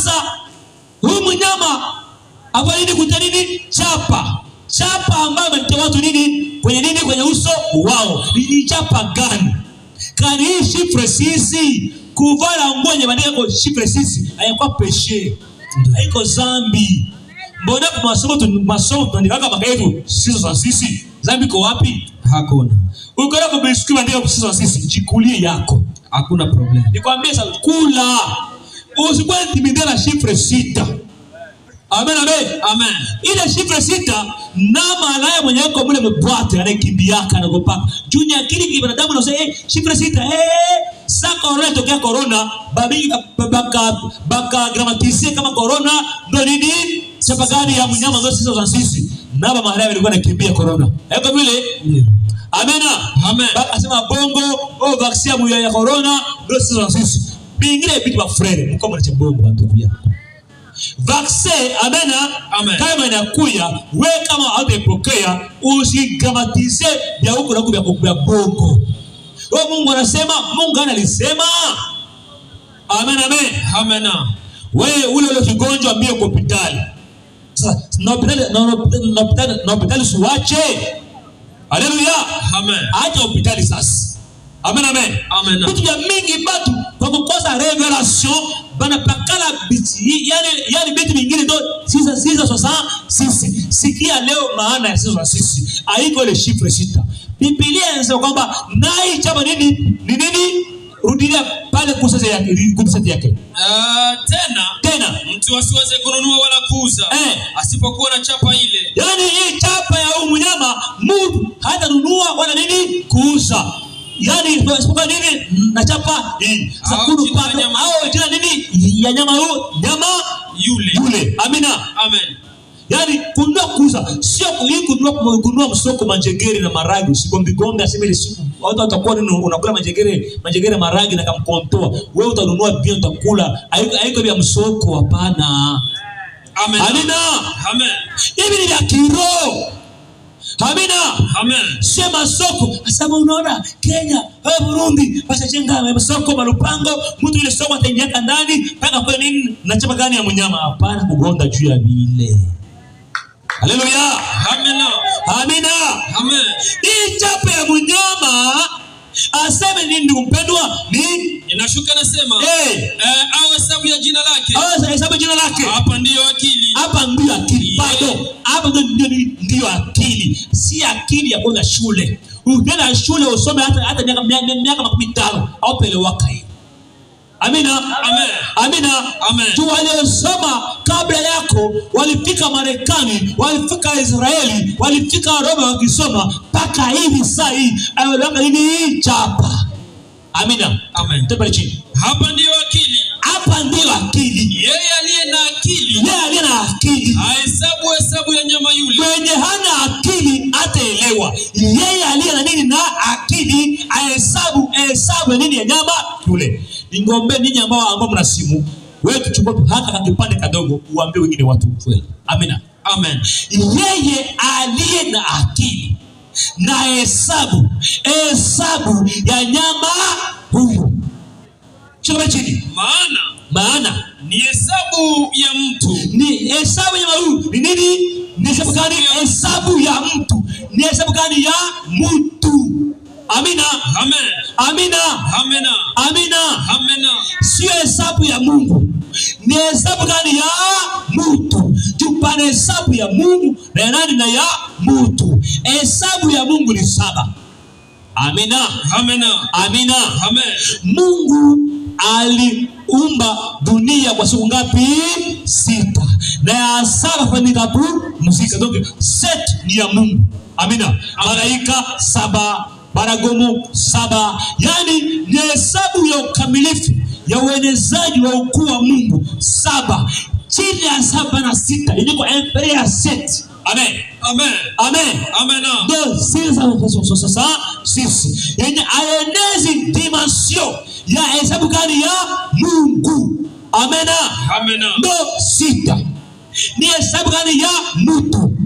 Sasa huyu mnyama awalini kuita nini? Chapa, chapa ambayo amemtia watu nini kwenye nini kwenye uso wao. Ni chapa gani? Kani hii shifre sisi kuvala nguo yenye maandiko kwa shifre sisi hayakuwa peshe, haiko zambi. Mbona kwa masomo tu masomo tunaandika maka yetu sisi za sisi, zambi kwa wapi? Hakuna. ukora kwa biskuti maandiko sisi za sisi, jikulie yako, hakuna problem. Nikwambie sasa, kula usikuwe intimidé na shifre sita. Amen, amen, amen. Ile shifre sita nama anaye mwenye yako mule mbwate anayekimbiaka anagopaka. Juu ya akili ya na eh shifre sita eh sasa corona tokea corona babi baka baka gramatisi kama corona ndo nini sapagani ya mnyama zote sisi za sisi. Naba mahali alikuwa anakimbia corona. Hapo vile Amena. Amen. Baka sema bongo, oh vaccine ya corona ndio sisi za sisi bingire biti frere muko murache bongo bantu bya vaccin amena kama inakuya we kama hutaipokea usigamatize ya huko na kubia kubya bongo wewe oh, Mungu anasema Mungu analisema amen amen amen wewe ule ule kigonjwa mbio kwa hospitali sasa na hospitali na hospitali na hospitali usiwache haleluya amen acha hospitali sasa Amen, amen. Amen. Bitu ya mingi batu kwa kukosa revelation pakala bichi yani, yani bitu mingine ndo sisa sisa sasa sisi. Sikia leo maana ya sisa sisi haiko ile shifre sita. Biblia inasema kwamba nai chama nini ni nini? Rudilia pale kusasa yake kumsati yake. Uh, tena tena mtu asiweze kununua wala kuuza eh, asipokuwa na chapa ile. Yani hii chapa ya huyu mnyama mtu hatanunua wala nini kuuza yani isipokuwa nini na chapa eh, sakuru pato au tena nini ya nyama huyo nyama yule yule amina amen Yaani kununua kuuza sio hii kununua kununua msoko manjegere na maragi usigombi mbigombe aseme ile siku watu watakuwa nini unakula manjegere manjegere maragi na kamkontoa wewe utanunua bia utakula haiko vya msoko hapana. Amen. Amina. Amen. Hivi ni vya kiroho. Amina. Amen. Sema masoko asema, unaona Kenya au Burundi bashajenga masoko malupango, mtu ile soko ataingia ndani taka kwa nini na chapa gani ya mnyama? Hapana kugonda juu ya bile. Haleluya. Amen. Amina. Amen. Hii chapa ya mnyama aseme nini ndugu mpendwa? Ni inashuka nasema hey. Eh, eh au hesabu ya jina lake. Au hesabu jina lake. Hapa ndio akili. Hapa ndio akili. Bado sababu ndio, ndio, ndio akili, si akili ya kwenda shule. Ukienda shule usome hata hata miaka makumi tano au pelewaka hii. Amina, amen, amina, amen. Tu waliosoma kabla yako walifika Marekani, walifika Israeli, walifika Roma wakisoma mpaka hivi saa hii ayo chapa. Amina, amen. Tupeleke chini. Hapa ndio akili mgombe ninyi ambao ambao mna simu. Wewe tuchukue hata kipande kadogo uambie wengine watu kweli Amina. Amen. Yeye aliye na akili na hesabu hesabu ya nyama huyu. Chukua chini. Maana maana ni hesabu ya mtu. Ni hesabu ya mtu Ni nini? Ni hesabu gani? Hesabu ya mtu. Ni hesabu gani ya mtu? Amina. Amen. Amina. Amina. Amina. Amina. Sio hesabu ya Mungu. Ni hesabu gani ya mtu? Tupane hesabu ya Mungu na nani na ya mtu. Hesabu ya Mungu ni saba. Amina. Amina. Amina. Amen. Mungu aliumba dunia kwa siku ngapi? Sita. Na ya saba fanyikapo msika. Donc, set ni ya Mungu. Amina. Malaika saba baragumu saba, yani ni hesabu ya ukamilifu ya uenezaji wa ukuu wa Mungu saba, chini ya saba na sita iliko empire ya seti. Amen. Amen. Amen. Amen. Ndio siri za Yesu. Sasa sisi yenye aenezi dimasio ya hesabu gani ya Mungu? Amen. Amen. Ndio sita ni hesabu gani ya mtu?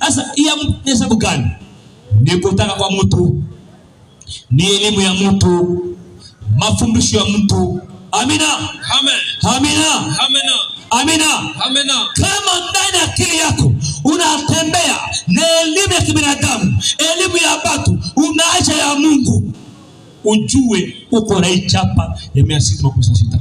Sasa ya hesabu gani? Ni kutaka kwa mtu ni elimu ya mtu, mafundisho ya mtu. Amina, amen, amina, amina, amina, amina. Kama ndani ya akili yako unatembea na elimu ya kibinadamu, elimu ya watu, unaacha ya Mungu, ujue uko na chapa ya mia sita makumi sita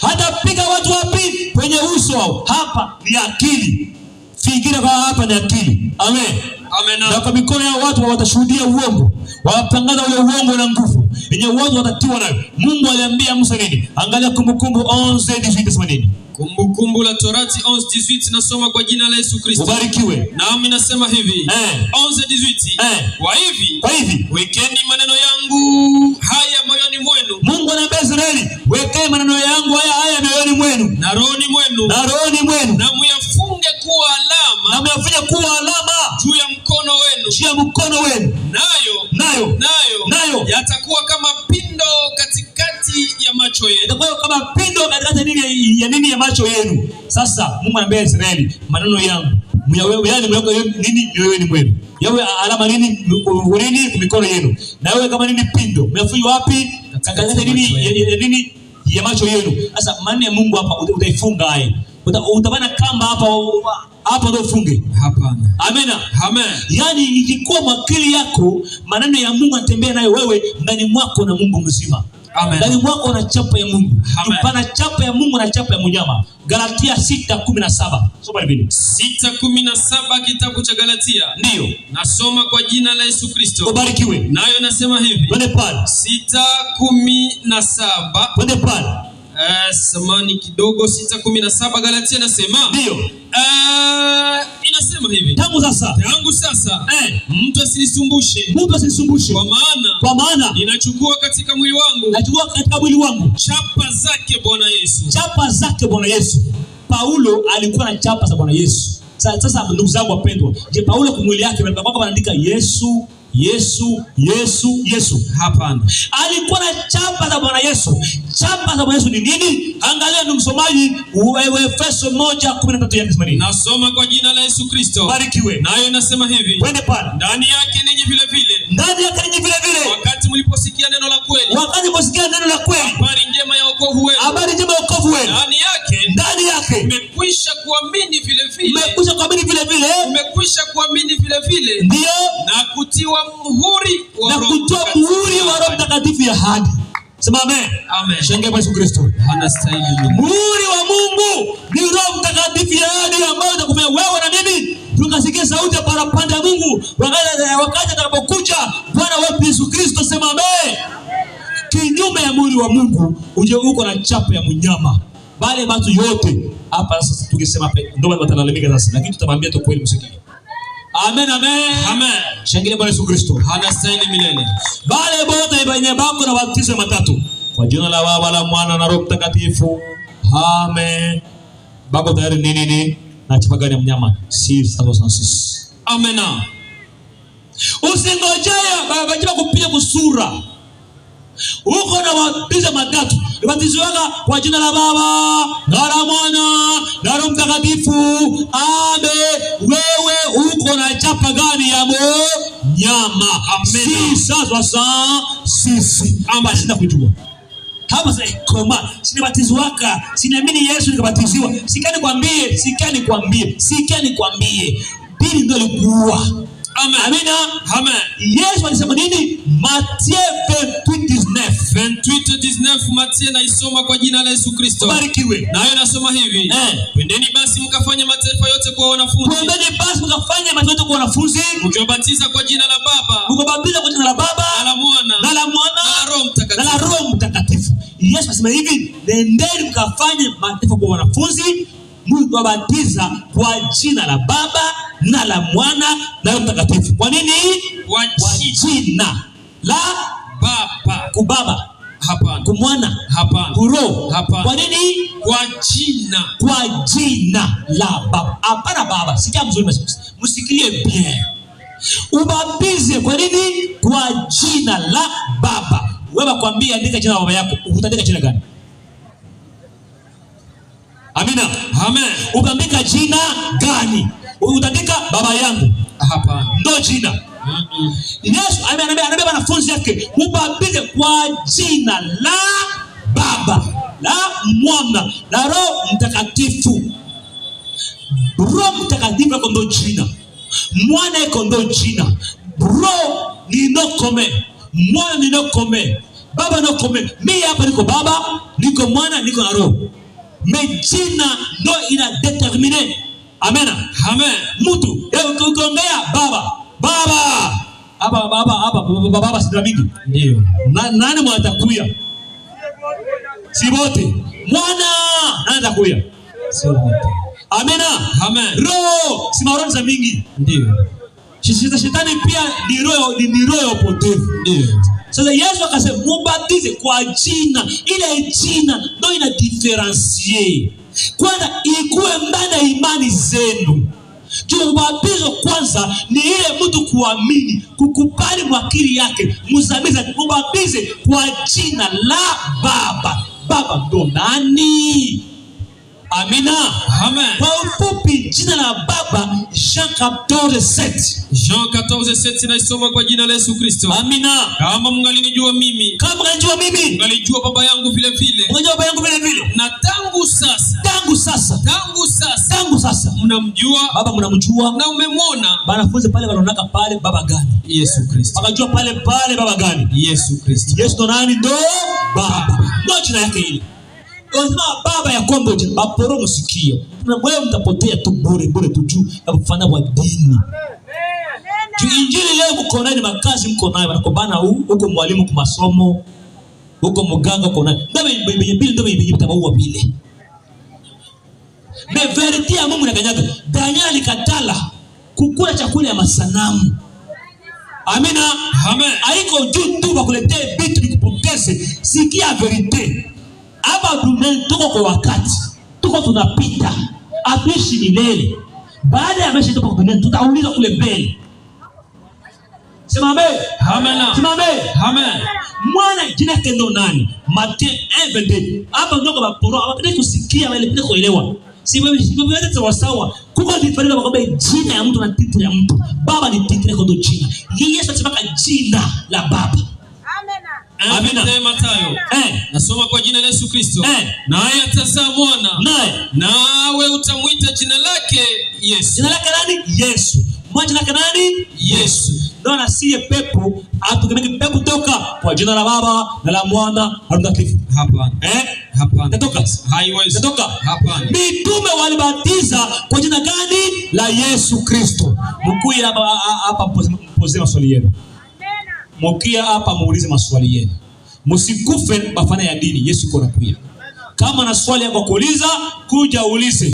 hata piga watu wapi? Kwenye uso wao. Hapa ni akili, fikira kwa hapa ni akili. Amen, amen. Na kwa mikono ya watu watashuhudia uongo wanatangaza ule uongo na nguvu yenye uwezo watatiwa nayo. Mungu aliambia Musa nini? Angalia Kumbukumbu 11:18 sema nini? Kumbukumbu la Torati 11:18 nasoma kwa jina la Yesu Kristo. Ubarikiwe. Naam, nasema hivi. Eh. 11:18. Eh. Kwa hivi. Kwa hivi. Wekeni maneno yangu haya moyoni mwenu. Mungu anaambia Israeli, wekeni maneno yangu haya haya moyoni mwenu. Na rohoni mwenu. Na rohoni mwenu. Na mwenu. kama mpendo katikati nini ya nini ya macho yenu. Sasa Mungu anambia Israeli, maneno yangu yani nini ni mwenu, yawe alama nini ulini mikono yenu, na wewe kama nini pindo mnafunywa wapi katikati nini ya nini ya macho yenu. Sasa maneno ya Mungu hapa utaifunga hai utabana kamba hapa hapa ndio ufunge. Hapana. Amena. Amen. Yaani ikikuwa makili yako maneno ya Mungu anatembea nayo wewe ndani mwako na Mungu mzima ndani mwako una chapa ya Mungu. Pana chapa ya Mungu na chapa ya mnyama. Galatia 6:17. Soma Biblia. 6:17 kitabu cha Galatia. Ndio. Nasoma kwa jina la Yesu Kristo. Ubarikiwe. Nayo nasema hivi. Twende pale. 6:17. Twende pale. Uh, eh, samani kidogo, sita kumi na saba Galatia nasema ndio. Eh, inasema hivi tangu sasa, tangu sasa eh, mtu asinisumbushe, mtu asinisumbushe, kwa maana kwa maana ninachukua katika mwili wangu, nachukua katika mwili wangu chapa zake Bwana Yesu, chapa zake Bwana Yesu. Paulo alikuwa na chapa za Bwana Yesu. Sasa ndugu zangu wapendwa, je, Paulo kwa mwili yake anaandika Yesu Yesu, Yesu, Yesu. Hapana, alikuwa na chapa za Bwana Yesu. Chapa za Bwana Yesu ni nini? Angalia ndugu msomaji, Efeso moja kumi na tatu inasema nini? Nasoma kwa jina la Yesu Kristo, barikiwe. Nayo inasema hivi, twende pale. Ndani yake ninyi vile vile, ndani yake ninyi vile vile, wakati mliposikia neno la kweli, wakati mliposikia neno la kweli, habari njema ya wokovu wenu, habari njema ya wokovu wenu, ndani yake, ndani yake mmekwisha kuamini vile vile, mmekwisha kuamini vile vile, mmekwisha kuamini vile vile ndio na kutiwa muhuri wa na kutoa muhuri wa Roho Mtakatifu ya hadi Sema amen. Amen. Shenge Yesu Kristo. Anastahili. Muhuri wa Mungu ni Roho Mtakatifu ya hadi ambayo itakufanya wewe na mimi tukasikia sauti ya parapanda ya Mungu wakati wakati atakapokuja Bwana wetu Yesu Kristo. Sema amen. Kinyume ya muhuri wa Mungu uje huko na chapa ya mnyama bale watu yote hapa sasa, tukisema ndio watu watalalamika sasa, lakini tutamwambia tu kweli, msikie Amen, amen. Amen. Shangilia Bwana Yesu Kristo. Anastahili milele. Bale bote ibanye bako na batizo matatu. Kwa jina la Baba la Mwana na Roho Mtakatifu. Amen. Bako tayari ni nini? Na chapa gani ya mnyama? sana sisi. Amen. Usingojea baba jiba kupiga kusura. Uko na batizo matatu. Batizo waka kwa jina la Baba na la Mwana na Roho Mtakatifu. Amen chapa gani ya mnyama, si sasa sisi kama sina kujua Kama hapa koma waka, sinaamini Yesu nikabatiziwa. sikani kwambie, sikani kwambie, sikani kwambie, Bili ndio likuwa. Amen, amina, amen. Yesu alisema nini? Matthew 28 28:19 naisoma kwa jina la Yesu Kristo. Nayo nasoma hivi. Twendeni eh. basi basi mkafanye mataifa yote wanafunzi. Mkiwabatiza kwa jina la Baba. Na la Mwana. Roho Mtakatifu. Yesu asema hivi, nendeni mkafanye mataifa kuwa wanafunzi, mkiwabatiza kwa jina la Baba na la Mwana na Roho Mtakatifu. Kwa nini? Kwa jina la kubaba, Kubaba. Hapana. Kumwana. Hapana. kuro Hapana. Kwa nini? Kwa jina. Kwa jina la Baba. Hapana baba. Sikia mzuri msikilie. Msikilie bien. Ubatize kwa nini? Kwa jina la Baba. Wewe kwambia andika jina la baba yako. Utaandika jina gani? Amina. Amen. Utaandika jina gani? Utaandika baba yangu. Hapana. ndo jina. Yesu anabeba wanafunzi wake, ubatize kwa jina la Baba la Mwana la Roho Mtakatifu. Roho Mtakatifu ako ndo jina, Mwana iko ndo jina, Roho ninokome, Mwana ninokome, Baba nokome. Mimi hapa niko Baba, niko Mwana, niko na Roho. Mejina ndo ina determine. Amena, amen. Mutu ukiongea Baba baba hapa baba hapa baba, baba sidabidi ndio na, nani mwatakuya si wote mwana nani atakuya si wote amina amen roho si maroho za mingi ndio shishita shetani pia ni roho ni ni roho ya upotevu ndio sasa Yesu akasema mubatize kwa jina, ile jina ndio ina differentiate kwanza, ikuwe ndani imani zenu juu ubatizo kwanza ni ile mtu kuamini, kukubali mwakili yake muzamiza, mubatize kwa jina la Baba. Baba ndo nani? Amina. Amen. Kwa ufupi jina la Baba Jean 14:7. Jean 14:7 inaisoma kwa jina la Yesu Kristo. Amina. Kama mngalinijua mimi, kama mngalijua mimi, mngalijua Baba yangu vile vile. Mngalijua Baba yangu vile vile. Na tangu sasa, tangu sasa, tangu sasa, tangu sasa mnamjua Baba, mnamjua na umemwona. Wanafunzi pale wanaonaka pale Baba gani? Yesu Kristo. Wakajua pale pale Baba gani? Yesu Kristo. Yesu ndo nani? Ndo Baba. Ndo jina yake hili. Wanasema baba ya kwamba maporomo sikio. Na wewe mtapotea tu bure bure tu juu ya kufanya wa dini. Tu injili leo mko nayo makazi mko nayo na wanakobana huko mwalimu kwa masomo huko mganga uko nani? Ndio bibi bibi ndio bibi mtabaua vile. Me verite ya Mungu inakanyaga. Daniel alikatala kukula chakula ya masanamu. Amina. Amen. Haiko juu tu bakuletee vitu nikupoteze. Sikia verite hapa duniani tuko kwa wakati, tuko tunapita, hatuishi milele. Baada ya maisha tuko duniani, tutaulizwa kule mbele. Simame. Amen. Simame. Amen. Mwana jina yake ndo nani? Mathayo 1:22. Hapa ndio kwa poro, hapa kusikia wale pia kuelewa. Siwewe sawa sawa. Kuko diferenti kwa kwamba jina ya mtu na title ya mtu. Baba ni title yako ndo jina. Yesu atamka jina la Baba. Amen. Amina. Mathayo. Eh. Nasoma kwa jina la Yesu Kristo. Eh. Naye atazaa mwana. Naye. Nawe utamwita jina lake Yesu. Jina lake nani? Yesu. Mwa jina lake nani? Yesu. Ndio anasiye pepo atukimeke pepo toka kwa jina la Baba na la Mwana na Roho Mtakatifu. Hapana. Eh? Hapana. Natoka. Haiwezi. Natoka. Hapana. Mitume walibatiza kwa jina gani? La Yesu Kristo. Mkuu hapa mpoze maswali yenu mukia hapa muulize maswali yenu, msikufe mafana ya dini. Yesu kona kuya, kama na swali ya kuuliza kuja ulize.